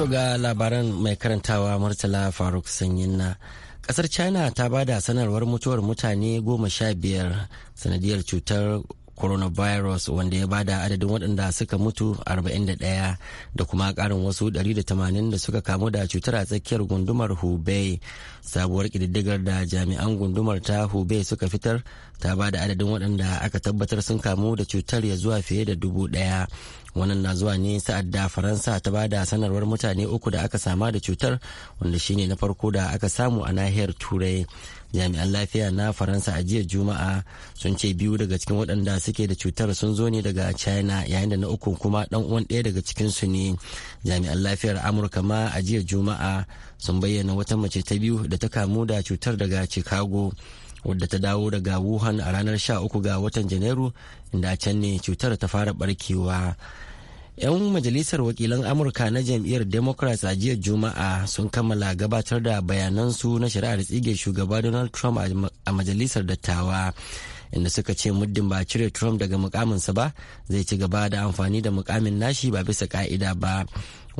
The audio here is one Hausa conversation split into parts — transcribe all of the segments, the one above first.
To ga labaran mai karantawa Murtala Faruk Sanyin na. Kasar China ta bada sanarwar mutuwar mutane goma sha biyar sanadiyar cutar coronavirus wanda ya bada adadin waɗanda suka mutu 41 da kuma karin wasu 180 da suka kamu da cutar a tsakiyar gundumar hubei sabuwar ƙididdigar da jami'an gundumar ta hubei suka fitar ta bada adadin waɗanda aka tabbatar sun kamu da cutar ya zuwa fiye da dubu ɗaya wannan na zuwa ne sa'ad da faransa ta bada sanarwar mutane uku da aka sama da cutar wanda shine na farko da aka samu a nahiyar turai jami'an lafiya na faransa a jiya juma'a sun ce biyu daga cikin waɗanda suke da cutar sun zo ne daga china yayin da na uku kuma ɗan uwan ɗaya daga cikin su ne jami'an lafiyar amurka ma a jiya juma'a sun bayyana wata mace ta biyu da ta kamu da cutar daga chicago wadda ta dawo daga wuhan a ranar 13 ga watan janairu inda can ne cutar ta fara barkewa 'Yan majalisar wakilan Amurka na jam'iyyar Democrats a jiya Juma'a sun kammala gabatar da bayanansu na shari'ar tsige shugaba Donald Trump a majalisar dattawa. inda suka ce muddin ba cire Trump daga mukaminsa ba zai ci gaba da amfani da mukamin nashi ba bisa ka'ida ba.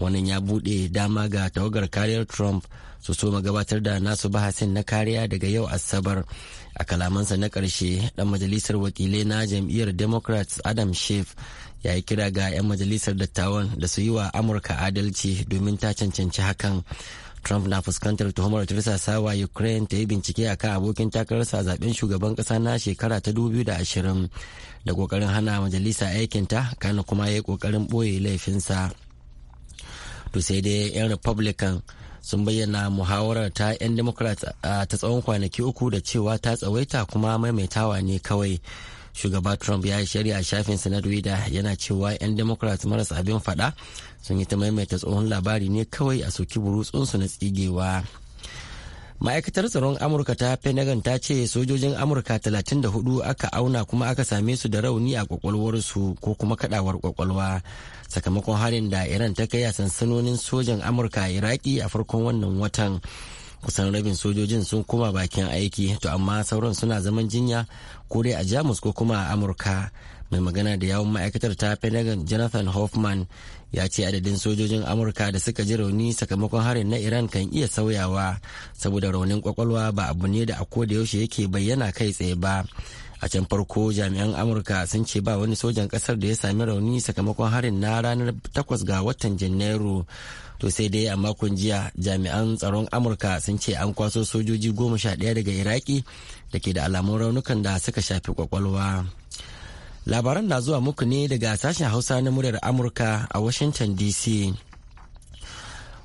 Wannan ya buɗe dama ga tawagar kariyar Trump su soma gabatar da nasu bahasin na kariya daga yau Asabar. a kalamansa na karshe ɗan majalisar wakilai na jam'iyyar democrats adam Schiff ya yi kira ga 'yan majalisar dattawan da su yi wa amurka adalci domin ta cancanci hakan trump na fuskantar tuhumar sawa ukraine ta yi bincike a kan abokin takararsa a zaben shugaban kasa na shekara ta 2020 da kokarin hana majalisa aikinta kana kuma ya yi kokarin ɓoye laifinsa to sai dai 'yan republican sun bayyana muhawarar ta 'yan democrat ta tsawon kwanaki uku da cewa ta tsawaita kuma maimaitawa ne kawai shugaba trump ya yi shari'a shafin na twitter yana cewa 'yan democrats marasa abin fada sun yi ta maimaita tsohon labari ne kawai a soki burutsunsu na tsigewa ma'aikatar tsaron amurka ta pentagon ta ce sojojin amurka 34 aka auna kuma aka same su da rauni a kwakwalwarsu ko kuma kadawar kwakwalwa sakamakon harin da iran ta kai a sansanonin sojan amurka a iraki a farkon wannan watan kusan rabin sojojin sun koma bakin aiki to amma sauran suna zaman jinya ko dai a jamus ko kuma a amurka mai magana da yawon ma'aikatar ta pentagon jonathan hoffman ya ce adadin sojojin amurka da suka ji rauni sakamakon harin na iran kan iya sauyawa saboda raunin kwakwalwa ba abu ne da a koda yaushe yake bayyana kai tsaye ba a can farko jami'an amurka sun ce ba wani sojan kasar da ya sami rauni sakamakon harin na ranar 8 ga watan janairu to sai dai a makon jiya jami'an tsaron amurka sun ce an kwaso sojoji goma sha ɗaya daga iraki da ke da alamun raunukan da suka shafi kwakwalwa labaran na zuwa muku ne daga sashen hausa na muryar amurka a washington dc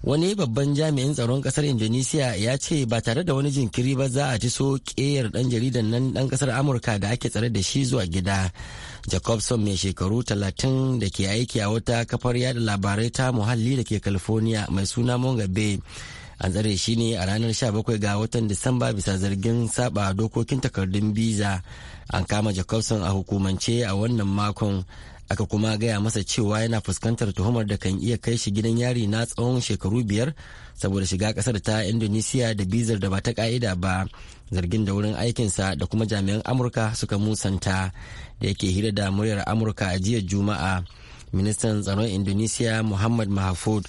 wani babban jami'in tsaron kasar indonesia ya ce ba tare da wani jinkiri ba za a ci so ƙeyar ɗan jaridan nan dan kasar amurka da ake tsare da shi zuwa gida jacobson mai shekaru 30 da ke aiki a wata kafar yada labarai ta muhalli da ke california mai suna monga bay an tsare shi ne a ranar 17 ga watan disamba bisa zargin saba dokokin takardun biza an kama jacobson a hukumance a wannan makon aka kuma gaya masa cewa yana fuskantar tuhumar da kan iya kai shi gidan yari na tsawon shekaru biyar saboda shiga kasar ta indonesiya da bizar da ba ta ka'ida ba zargin da wurin aikinsa da kuma jami'an amurka suka musanta da yake hira da muryar amurka a jiya juma'a ministan tsaron indonesiya muhammad mahfud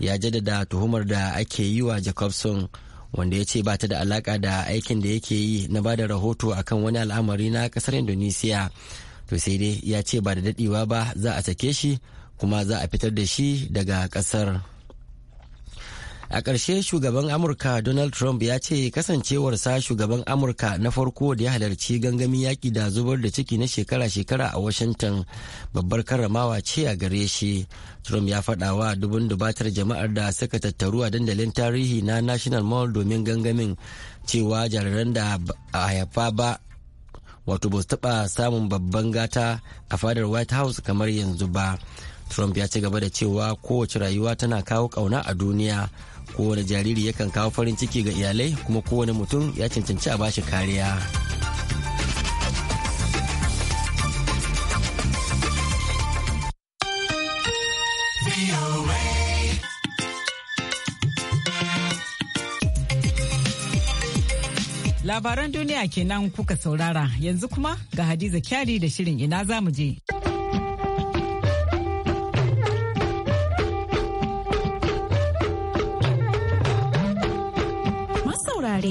ya jaddada tuhumar da ake yi wa jacobson wanda ya ce ba ta da alaka da aikin da yake yi na ba da rahoto akan wani al'amari na kasar indonesiya to sai dai ya ce ba da dadewa ba za a sake shi kuma za a fitar da shi daga kasar. a ƙarshe shugaban amurka donald trump ya ce kasancewarsa shugaban amurka na farko da ya halarci gangami yaƙi da zubar da ciki na shekara-shekara a washington babbar karramawa ce a gare shi trump ya faɗa wa dubun dubatar jama'ar da suka tattaru a dandalin tarihi na national mall domin gangamin cewa jariran da a haifa ba wato ba su taɓa samun babban gata a fadar white house kamar yanzu ba trump ya ci gaba da cewa kowace rayuwa tana kawo ƙauna a duniya kowane jariri yakan kawo farin ciki ga iyalai kuma kowane mutum ya cancanci a bashi kariya Labaran duniya kenan kuka saurara yanzu kuma ga Hadiza Kyari da shirin ina za mu je.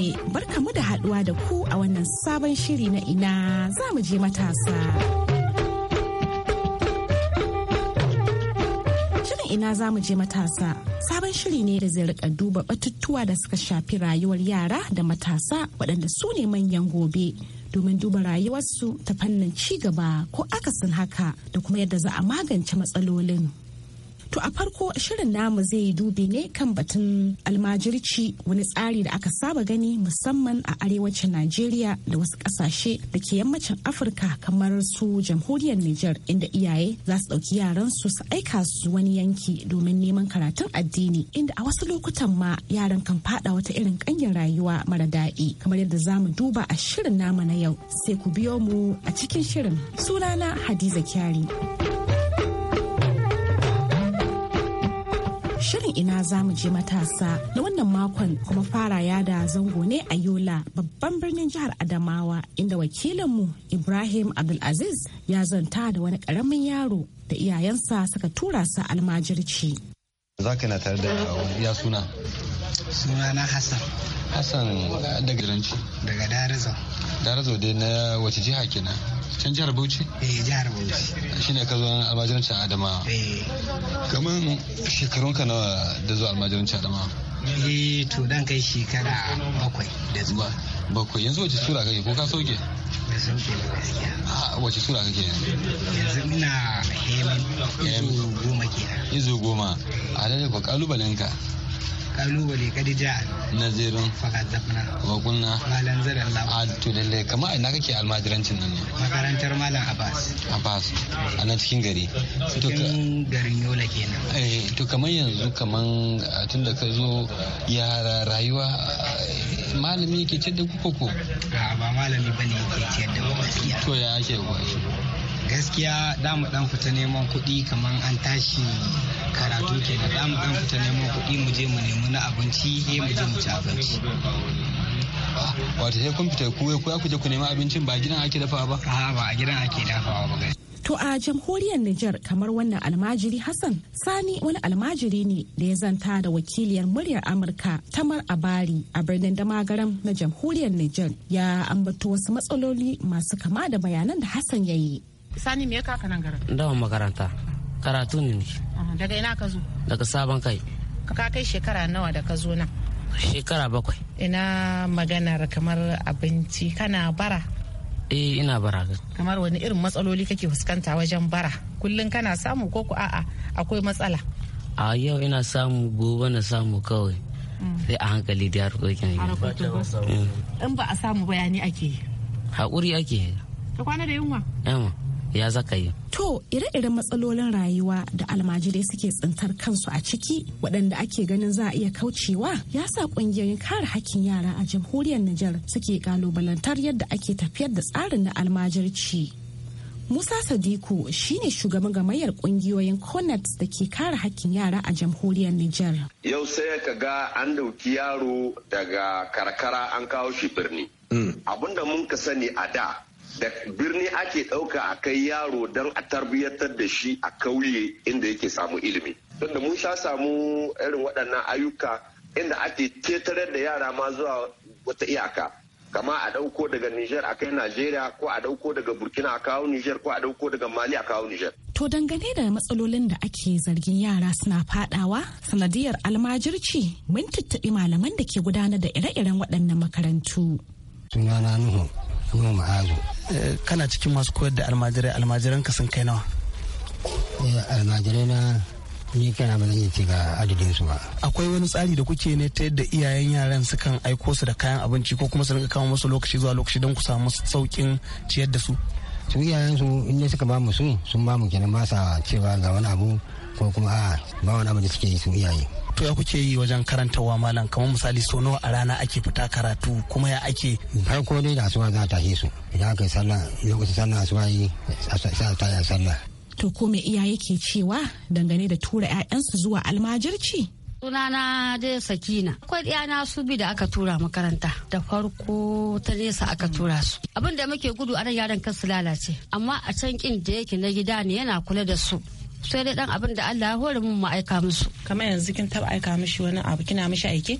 barka barkamu da haduwa da ku a wannan sabon shiri na ina za mu je matasa. Shirin ina za mu je matasa sabon shiri ne da zai rika duba batutuwa da suka shafi rayuwar yara da matasa waɗanda su ne manyan gobe. domin duba rayuwarsu ta fannin cigaba ko akasin haka da kuma yadda za a magance matsalolin. To a farko shirin namu zai yi dubi ne kan batun almajirci wani tsari da aka saba gani musamman a arewacin Najeriya da wasu ƙasashe da ke yammacin Afirka kamar su jamhuriyar Nijar inda iyaye za su ɗauki yaran su su aika su wani yanki domin neman karatun addini inda a wasu lokutan ma yaran kan faɗa wata irin kangin rayuwa mara daɗi kamar yadda za mu duba a shirin namu na yau sai ku biyo mu a cikin shirin sunana Hadiza Kyari. Shirin ina za mu je matasa na wannan makon kuma fara yada zango ne a Yola babban birnin jihar Adamawa inda wakilinmu Ibrahim Abdulaziz ya zanta da wani karamin yaro da iyayensa suka tura sa almajirci. Zaka na tare da ya suna. Suna na Hassan. Hassan daga Darazau. Daga dai na wace jiha kenan? can jihar bauchi eh jihar bauchi shine ka zo almajirancin adama eh kaman shekarun ka nawa da zuwa almajirancin adama eh to dan kai shekara bakwai da zuwa bakwai yanzu wace sura kake ko ka soke da a wace sura kake yanzu ina hemi, izu goma kenan izu goma a dai ko kalubalen ka kalubale kadija nazirun fakatabna wa kunna malan zaran labu a ah, to lalle kamar ina kake almajirancin nan ne makarantar malam abbas abbas a nan cikin gari cikin garin yola kenan eh to kamar yanzu kamar ah, tunda ka zo ya rayuwa ah, malami yake ciyar da kuka ko ba malami bane yake ciyar da gaskiya to ya ake gaskiya dama dan fita neman kuɗi kamar an tashi karatu kenan za mu dan fita neman kuɗi mu je mu nemi na abinci sai mu je mu ci abinci wato sai kun fita ku ku ku je ku nemi abincin ba gidan ake dafawa ba a ba a gidan ake dafawa ba To a jamhuriyar Nijar kamar wannan almajiri Hassan Sani wani almajiri ne da ya zanta da wakiliyar muryar Amurka Tamar Abari a birnin Damagaram na jamhuriyar Nijar ya ambato wasu matsaloli masu kama da bayanan da Hassan ya yi. Sani me ya kaka nan garin? Dawon makaranta. karatu ne daga ina ka zo daga sabon kai ka kai shekara nawa da ka zo nan shekara bakwai ina maganar kamar abinci kana bara eh ina bara kamar wani irin matsaloli kake fuskanta wajen bara kullum kana samu ko ku a'a akwai matsala a yau ina samu gobe na samu kawai mm. sai a hankali da harkokin mm. in ba a samu bayani ake haƙuri ake ka kwana da yunwa ya zaka yi. To ire-iren matsalolin rayuwa da almajirai suke tsintar kansu a ciki waɗanda ake ganin za a iya kaucewa ya sa ƙungiyoyin kare hakkin yara a jamhuriyar Nijar suke kalubalantar yadda ake tafiyar da tsarin na almajirci. Musa Sadiku shine shugaban gamayyar ƙungiyoyin CONET da ke kare hakkin yara a jamhuriyar Nijar. Yau sai ka ga an dauki yaro daga karkara an kawo shi birni. Mm. Abinda mun ka sani a da da birni ake ɗauka a kai yaro don a tarbiyyatar da shi a kauye inda yake samu ilimi don da mun sha samu irin waɗannan ayyuka inda ake ketarar da yara ma zuwa wata iyaka kama a ɗauko daga Nijar a kai Najeriya ko a ɗauko daga Burkina a kawo Nijar ko a ɗauko daga Mali a kawo Nijar. To dangane da matsalolin da ake zargin yara suna fadawa sanadiyar almajirci mun tattaɓi malaman da ke gudanar da ire-iren waɗannan makarantu. Sunana Nuhu Ibrahim Ma'ago. Eh, kana cikin masu koyar da almajirai almajiran ka sun kai nawa eh, almajirai na ni kana ba zan ce ga adadin su ba akwai wani tsari da kuke ne ta yadda iyayen yaran sukan aiko su da kayan abinci ko kuma su rinka kawo musu lokaci zuwa lokaci don ku samu saukin ciyar da su su iyayen su in suka ba mu su sun ba mu kenan ba sa cewa ga wani abu ko kuma a ba wani abu da suke yi su iyaye ya kuke yi wajen karanta wa malam kamar misali so nawa a rana ake fita karatu kuma ya ake farko dai da asuba za ta su idan aka yi sallah lokacin sallah asuba yi sa ta yi sallah to ko me iyaye ke cewa dangane da tura 'ya'yansu zuwa almajirci sunana dai sakina akwai ɗiyana su bi da aka tura makaranta da farko ta nesa aka tura su abin da muke gudu a yaran kan su lalace amma a can kin da yake na gida ne yana kula da su sai dai dan abin da Allah ya hore mun mu aika musu kamar yanzu kin taba aika mishi wani abu kina mishi aiki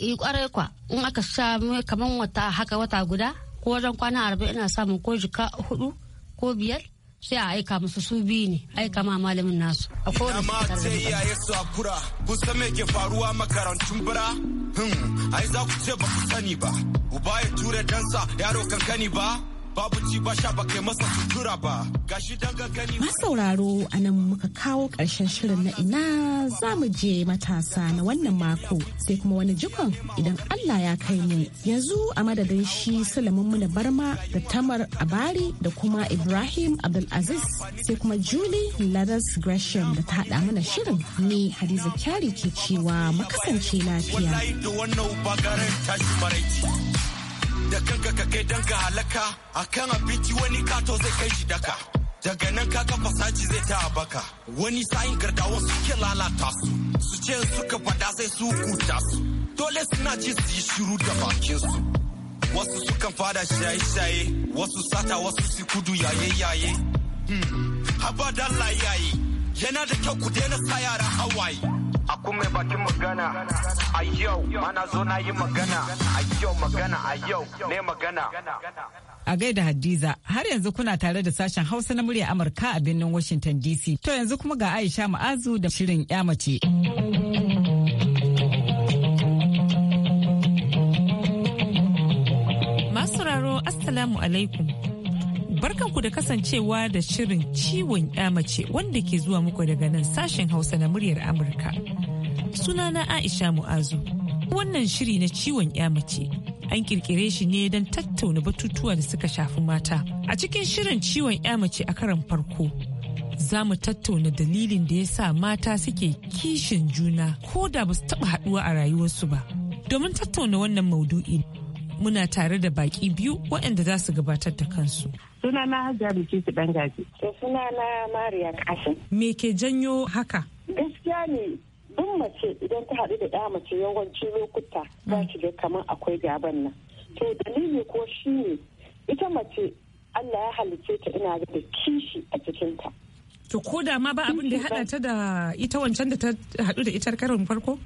eh kwarai kwa in aka samu kamar wata haka wata guda ko wajen kwana arba'in ina samun ko jika hudu ko biyar sai a aika musu su biyu ne aika ma malamin nasu a kowane shekarar iyaye su hakura kun san me ke faruwa makarantun bira hmm, ai za ku ce ba ku sani ba uba ya ture dansa yaro kankani ba babu ci ba masa sutura ba gashi muka kawo karshen shirin na ina za mu je matasa na wannan mako sai kuma wani jikon idan Allah ya kai mu yanzu a madadin shi Sulaiman Muna Barma da Tamar Abari da kuma Ibrahim Abdulaziz sai kuma Julie Ladas Gresham da ta haɗa mana shirin ni Hadiza Kyari ke cewa makasance lafiya. da kanka ka kai danka halaka kan abinci wani kato zai kai shi daka daga nan kaga fasaji zai ta baka wani sa'in wasu suke lalata su su ce suka fada sai su kuta su dole suna ji su yi shiru da bakin su wasu sukan fada shaye-shaye wasu sata wasu su kudu yaye-yaye hmm, haba dalla yaye yana da kyau ku daina sa yara hawaye a mai bakin magana a yau mana zo na yi magana a yau magana a yau ne magana a gaida hadiza har yanzu kuna tare da sashen hausa na murya amurka a birnin washington dc to yanzu kuma ga aisha ma'azu da shirin ya mace masu assalamu alaikum barkanku da kasancewa da shirin ciwon mace wanda ke zuwa muku daga nan sashen hausa na muryar amurka sunana aisha mu'azu wannan shiri na ciwon mace an kirkire shi ne don tattauna batutuwa da suka shafi mata a cikin shirin ciwon mace a karan farko za mu tattauna dalilin da ya sa mata suke kishin juna ko da ba su taɓa haɗuwa a rayuwarsu ba domin tattauna wannan maudu'i muna tare da baki biyu waɗanda za su gabatar da kansu. Suna na Hajiya ɗan gaji. Suna na Mariya Kashin. Me ke janyo haka? Gaskiya ne duk mace idan ta haɗu da ɗa mace yawanci lokuta ba shi da kamar akwai gaban nan. To dalili ko shi ne ita mace Allah ya halicce ta ina da kishi a cikinta. To ko da ma ba abin da ya haɗa ta da ita wancan da ta haɗu da ita karon farko?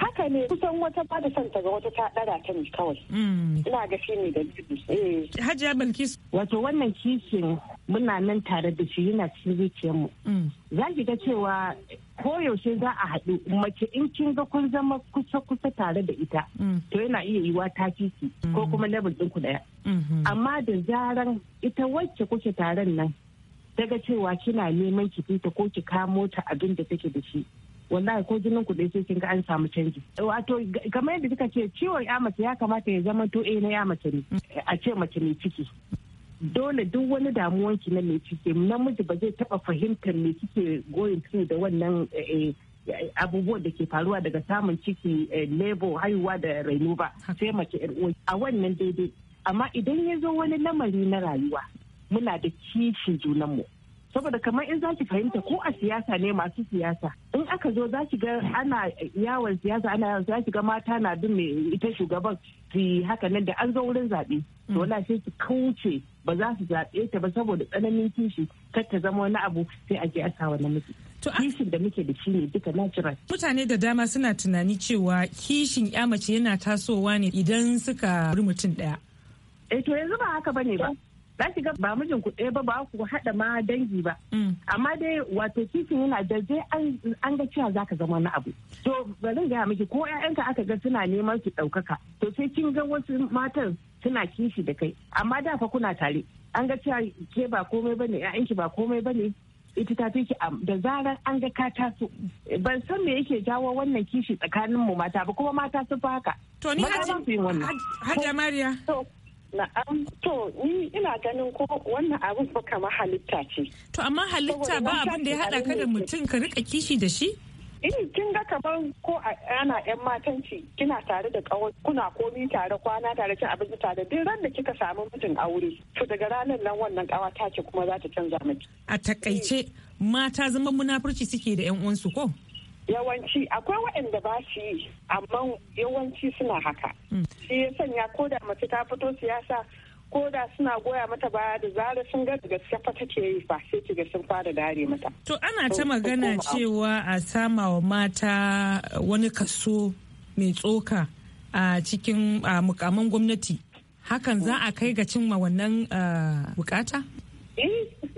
haka ne kusan wata ba da ta ga wata ta dara ta ne kawai hmm. ina ga shi ne da eh, hajiya balkisu wato wannan kishin muna nan tare da shi yana cikin mu hmm. za ki ga cewa koyaushe za a haɗu mace in kin ga kun zama kusa-kusa tare da ita hmm. to yana iya yiwa ta kiki ko kuma level ku ɗaya amma da zaran ita wacce kuke taron nan daga cewa kina neman ki fita ko ki kamo ta abin da take da shi wallahi ko jinin kuɗi, sai kin ga an samu canji wato kamar yadda kika ce ciwon ya mace ya kamata ya zama to eh na ya mace ne a ce mace mai ciki dole duk wani damuwanki na mai ciki namiji ba zai taba fahimtar me kike goyin through da wannan eh, eh, abubuwan da ke faruwa daga samun ciki eh, lebo haihuwa da raino ba sai mace uwa yar a wannan daidai amma idan ya zo wani lamari na rayuwa muna da kishin junanmu saboda kamar in zaki fahimta ko a siyasa ne masu siyasa in aka zo zaki ga ana yawon siyasa ana yawon zaki ga mata na bin mai ita shugaban su haka nan da an zo wurin zaɓe to na mm. sai ki kauce ba za su zaɓe ta ba saboda tsananin kishi kar ta zama wani abu sai a je a wani miki kishin da muke da shi ne duka natural mutane da dama suna tunani cewa kishin ya mace yana tasowa ne idan suka mutum daya eh to yanzu ba haka bane ba za ki ga ba mijin ku ɗaya ba ba ku haɗa ma dangi ba mm. amma dai wato kifin yana da dai an ga cewa za ka zama na abu to ba zan gaya miki ko 'ya'yanka aka ga suna neman su ɗaukaka to sai kin ga wasu matan suna kishi da kai amma da fa kuna tare an ga cewa ke ba komai bane 'ya'yanki ba komai bane ita ta fi da zarar an ga ka taso ban san me yake jawo wannan kishi tsakanin mu mata ba kuma mata sun fi haka to ni hajja mariya Na'am, to ina ganin ko wannan abin ba kama halitta ce. To amma halitta ba abin da ya haɗa ka da mutum ka rika kishi da shi? in eh, kin ga kamar ko yana yan matanci kina tare da kawai kuna komi tare kwana tare cin abinci tare duk ran da kika samu mijin aure to daga ranar nan wannan kawa ta ce kuma za ta canza miki a takaice mata zama munafurci suke da yan uwansu ko yawanci akwai waɗanda ba su yi amma yawanci suna haka hmm. shi ya sanya ko da mace ta fito siyasa ko da suna goya mata baya da zara sun ga gaske fa take yi ba sai kiga sun fara dare mata to ana ta magana cewa a sama wa mata wani kaso mai tsoka a cikin mukamman gwamnati hakan za a kai ga cimma wannan eh, bukata eh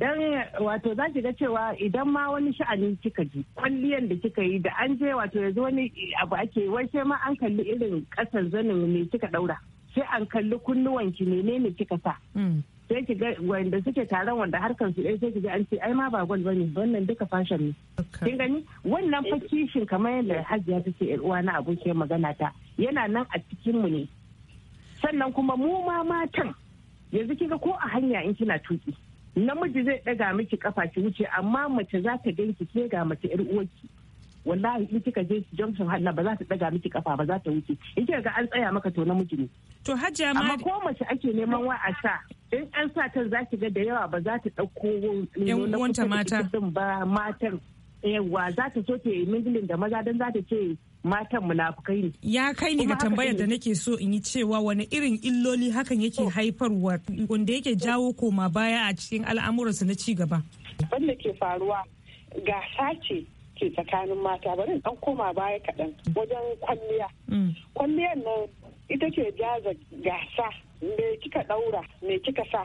dan wato za ki ga cewa idan ma wani sha'ani kika ji kwalliyan da kika yi da an je wato yanzu wani abu ake washe ma an kalli irin kasar zanin ne kika daura sai an kalli ne menene kika sa hmm. sai ki ga wanda suke taron wanda harkar su sai ki ga an ce ai ma ba gwal bane wannan duka fashion ne kin gani wannan fakishin kamar yadda Hajiya take yar uwa na abokiyar magana ta yana nan a cikin mu ne sannan kuma mu ma matan yanzu kiga ko a hanya in kina tuki namiji zai ɗaga miki kafa ki wuce amma mace za ta ganki ke ga mace yar uwarki wallahi in kika je junction hannu ba za ta ɗaga miki kafa ba za ta wuce in kika ga an tsaya maka to namiji ne to ma amma ko mace ake neman wa a sa in an sa ta za ki ga da yawa ba za ta ɗauko wani mata ba matan yawa za ta so ta yi mingilin da maza don za ta ce matan munafukai ne. Ya kai ni ga tambayar da nake so in yi cewa wani irin illoli hakan yake haifarwa wanda yake jawo koma baya a cikin al'amuransu na ci gaba. Wanda ke faruwa gasa ce ke tsakanin mata bari dan koma baya kaɗan wajen kwalliya. Mm. Kwalliyar nan ita ke jaza gasa me kika ɗaura me kika sa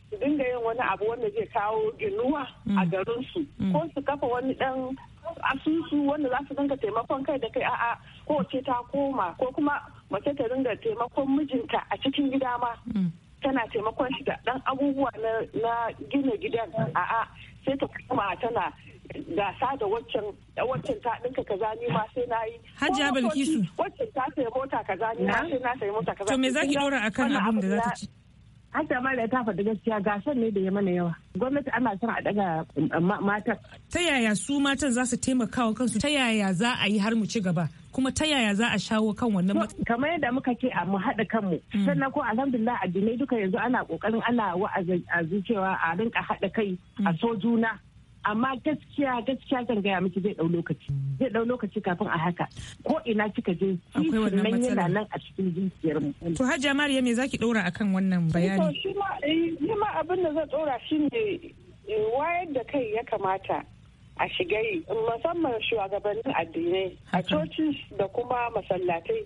su dinga yin wani abu wanda zai kawo ginuwa a mm. garinsu mm. ko su kafa wani dan asusu wanda za su dinga taimakon kai da kai a'a ko ce ta koma ko kuma mace ta dinga taimakon mijinta a cikin gida ma mm. tana taimakon shi da dan abubuwa na gina gidan a'a sai ta koma tana gasa da waccan waccan ta dinka kaza ni ma sai na yi hajiya bilkisu waccan ta sai mota kaza ni ma sai na sai mota kaza to me zaki dora akan abin da za ta ci Hajiya da ta faɗi gaskiya gasar ne da ya mana yawa. Gwamnati ana son a daga mm, matan. Ta yaya su matan za su taimaka wa kansu? Ta yaya za a yi har mu ci gaba? Kuma ta yaya za a shawo kan wannan matsalar? Kamar yadda muka ce a mu haɗa kanmu. Mm. Sannan ko alhamdulillah addinai duka yanzu ana ƙoƙarin ana wa'azi cewa a rinka haɗa kai a mm. so juna. amma gaskiya gaskiya zan gaya miki zai dau lokaci zai dau lokaci kafin a haka ko ina kika je kishin nan yana nan a cikin zuciyar mu to hajja mariya me zaki daura akan wannan eh, bayani to shi ma eh, ni ma abin da zan daura shine eh, wayar da kai ya kamata a shigai musamman shugabannin addinai a coci da kuma masallatai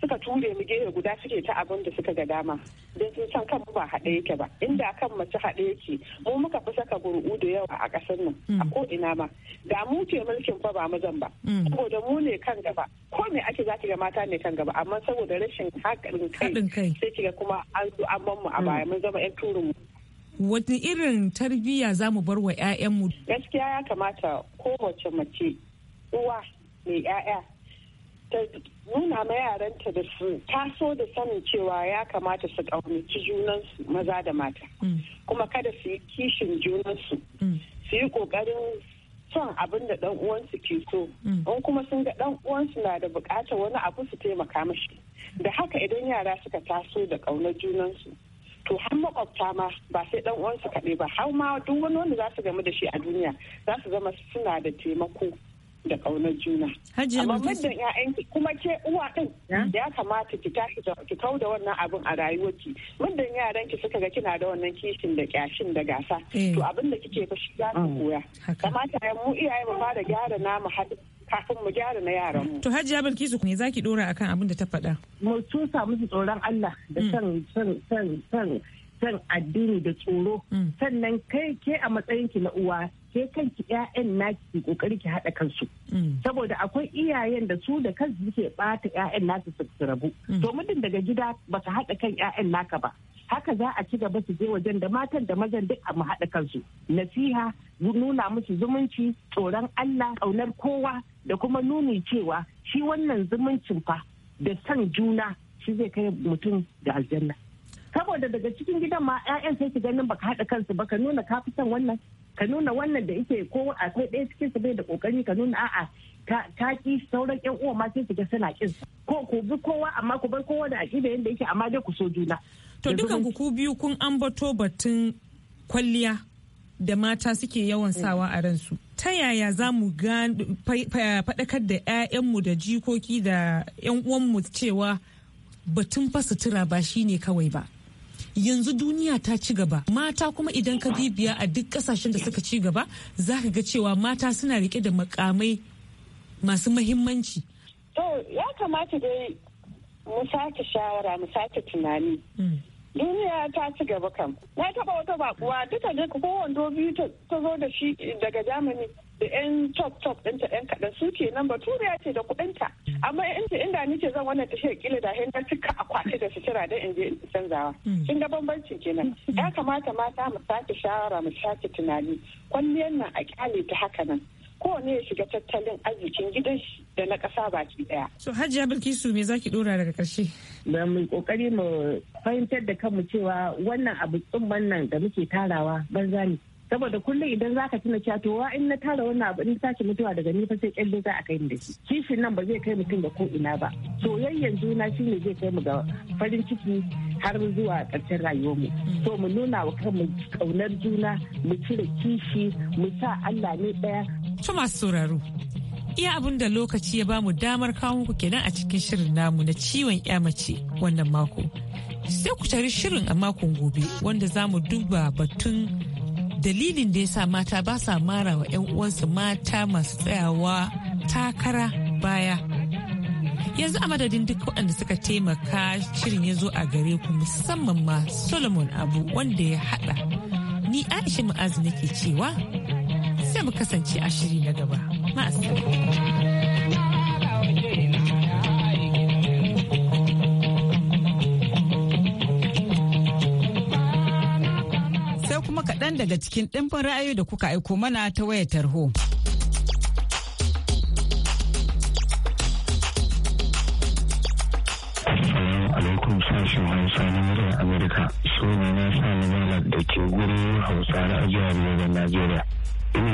suka ture mu gefe guda suke ta abin da suka ga dama don sun san kan ba haɗe yake ba inda kan mace haɗe yake mu muka fi saka gurgu da yawa a ƙasar nan a hmm. ko ina ma da mu ke mulkin fa ba mazan ba hmm. saboda mu ne kan gaba ko me ake za ki ga mata ne kan gaba amma saboda rashin haƙarin kai sai ki ga kuma an zo an mu a baya hmm. mun zama 'yan turin mu wata irin tarbiyya za mu bar wa 'ya'yanmu? gaskiya ya kamata kowace mace uwa mai 'ya'ya ta nuna ma yaranta da su taso da sanin cewa ya kamata su ƙaunaci junansu maza da mata mm. kuma kada su yi kishin junansu mm. su yi ƙoƙarin son abin da ɗan uwansu ke so mm. in kuma sun ga ɗan uwansu na da buƙatar wani abu su taimaka mashi da haka idan yara suka taso da ƙaunar junansu to har makwabta ma ba sai ɗan uwansu kaɗai ba har ma duk wani wanda za su gamu da shi a duniya za su zama suna da taimako da kaunar juna. Amma muddin ‘ya’yanki kuma ke uwa ɗin ya kamata ki tashi ki kau da wannan abin a rayuwarki. Muddin yaranki suka ga kina da wannan kishin da kyashin da gasa. Eh. To abin da kike fa shi za su mm. koya. Kamata ya mu iyaye mu fara gyara namu hadin kafin mu gyara na yaran mu. To Hajiya Bilkisu ne zaki dora akan abin da ta faɗa. Mu tusa musu tsoron Allah da mm. san san san san san addini da tsoro mm. sannan kai ke a matsayin ki na uwa ke kanki ƴaƴan naki ki kokari ki haɗa kansu mm. saboda akwai iyayen da su da kansu suke bata ƴaƴan nasu su rabu mm. to mutum daga gida ba baka haɗa kan ƴaƴan naka ba haka za a ci gaba su je wajen da matan da mazan duk a haɗa kansu nasiha nuna musu zumunci tsoron Allah ƙaunar kowa da kuma nuni cewa shi wannan zumuncin fa da san juna shi zai kai mutum da aljanna saboda daga cikin gidan ma 'ya'yan sai ki ganin baka haɗa kansu ba ka nuna ka fi wannan ka nuna wannan da yake ko akwai ɗaya cikin su bai da kokari ka nuna a'a ta ki sauran yan uwa ma sai su ga suna kin ko ku bi kowa amma ku bar kowa da aƙida yanda yake amma dai ku so juna to dukan ku biyu kun ambato batun kwalliya da mata suke yawan mm. sawa a ransu ta yaya za mu faɗakar da 'ya'yanmu da jikoki da 'yan uwanmu cewa batun fasutura ba shine kawai ba yanzu duniya ta ci gaba mata kuma idan ka bibiya a duk kasashen da suka ci gaba za ka ga cewa mata suna rike da makamai masu mahimmanci to ya kamata dai mu sake shawara mu sake tunani hmm. duniya ta ci gaba kam na taba wata bakuwa duka duka wando biyu ta zo da shi daga jamani da yan top top ɗinta yan kaɗan su ke nan baturiya ce da kuɗinta amma in ce inda ni ce zan wannan tafiyar kila da hanyar cika akwati da sutura don in je in canzawa hmm. kin ga bambanci kenan ya kamata mata mu sake shawara mu sake tunani kwalliyar nan a kyale ta haka nan kowane ya shiga tattalin arzikin gidan shi da na ƙasa baki ɗaya. So Hajiya Bilkisu me zaki ɗora daga ƙarshe? Da mu kokari mu fahimtar da kanmu cewa wannan abu tsumman nan da muke tarawa banza ne. saboda kullum idan zaka tuna cewa in na tara wannan abu in tashi mutuwa daga ni fa sai kyalle za a kai ni da shi kishin nan ba zai kai mutum ga ko ina ba soyayyen juna shine zai kai mu ga farin ciki har zuwa karshen rayuwar mu so mu nuna wa kanmu kaunar juna mu cire kishi mu sa Allah ne ɗaya. To masu sauraro iya abin da lokaci ya bamu damar kawo ku kenan a cikin shirin namu na ciwon mace wannan mako. Sai ku tari shirin a makon gobe wanda zamu duba batun dalilin da ya sa mata ba sa mara wa 'yan uwansu mata masu tsayawa takara baya yanzu a madadin duk waɗanda suka taimaka shirin ya zo a gare ku musamman ma solomon abu wanda ya haɗa ni aisha mu'azu nake cewa sai mu kasance a shiri na gaba ma'asar kaɗan daga cikin ɗimbin ra'ayoyi da kuka aiko mana ta wayar tarho.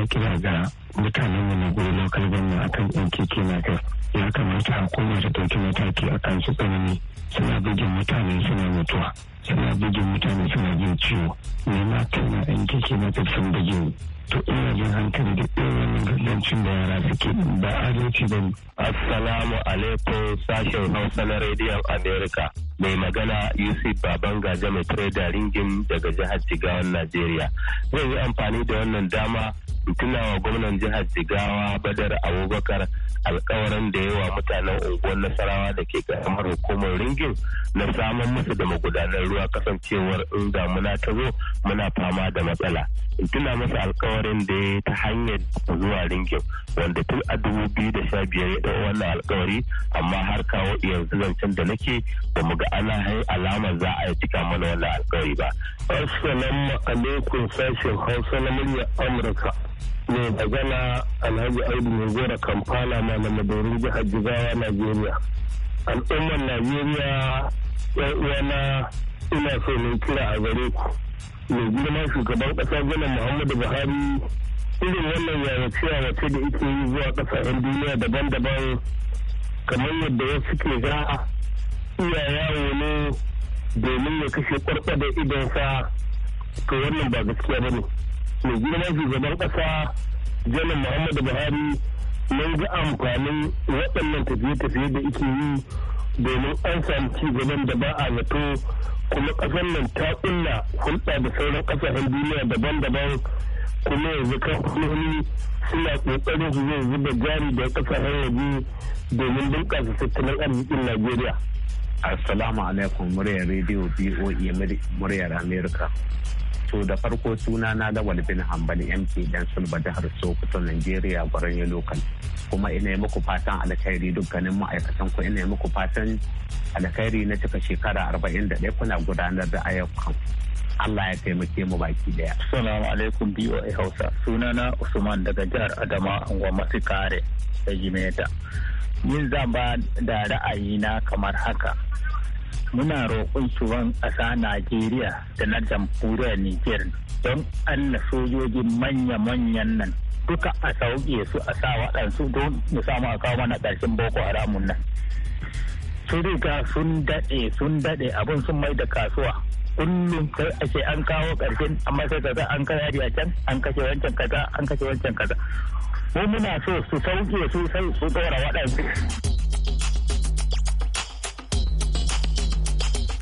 kira ga mutanen mu na guri local government akan ɗin keke na kai ya kamata a koma ta ɗauki mataki a kan su tsanani suna bugin mutane suna mutuwa suna bugin mutane suna jin ciwo ne ma kana ɗan keke na kai sun bugin to ina jin hankali da ɗaya wani gangancin da yara suke ba adalci ba assalamu alaikum sashen hausa na rediyon america mai magana yusuf baban gaja mai da ringin daga jihar jigawan najeriya zan yi amfani da wannan dama tunawa gwamnan jihar jigawa badar abubakar alkawarin da yawa mutanen unguwar nasarawa da ke karamar hukumar ringin na samun musu da magudanar ruwa kasancewar in damuna ta zo muna fama da matsala in tuna masa alkawarin da ya ta hanyar zuwa ringin wanda tun a dubu biyu da sha biyar ya ɗau wannan alkawari amma har kawo yanzu zancen da nake da mu ga ana alama za a yi cika mana wannan alkawari ba. Assalamu alaikum sashen Hausa na muryar Amurka. ne Mai magana Alhaji Audu mai da Kampala ma na madorin jihar Jigawa Najeriya. Al'ummar Najeriya 'yan uwana ina so mun kira a gare ku. mai girma shugaban kasa janar muhammadu buhari irin wannan yawace yawace da ike yi zuwa kasashen duniya daban-daban kamar yadda wasu ke ga iya yawo ne domin ya kashe kwarɓa da idonsa to wannan ba gaskiya ba ne mai girma shugaban kasa janar muhammadu buhari mun ga amfanin waɗannan tafiye-tafiye da ike yi domin an samu ci gaban da ba a zato kuma ƙasar nan ta ƙulla hulɗa da sauran ƙasashen duniya daban-daban kuma yanzu kamfanoni suna ƙoƙarin su zai zuba jari da ƙasashen waje domin bunƙasa tattalin arzikin Najeriya. Assalamu alaikum muryar rediyo BOE muryar america. To da farko suna na Lawal bin Hambali MT dan Sulba jihar Sokoto Nigeria ya lokal Kuma ina muku fatan alkhairi dukkanin ma'aikatan ku ina muku fatan alkhairi na cika shekara arba'in da 41 kuna gudanar da ayyukan. Allah ya taimake mu baki daya. Assalamu alaikum BOA Hausa. Sunana Usman daga jihar Adama Angwa Masu Kare da Jimeta. Yin zan ba da na kamar haka. muna roƙon shugaban ƙasa najeriya da na jamhuriyar niger don allah sojoji manya-manyan nan duka a sauke su a sa waɗansu don mu samu a kawo mana ƙarshen boko haramun nan su riga sun daɗe sun daɗe abin sun mai da kasuwa kullum sai a ce an kawo ƙarshen amma sai kaza an kai a can an kashe wancan kaza an kashe wancan kaza mu muna so su sauke su sai su ɗora waɗansu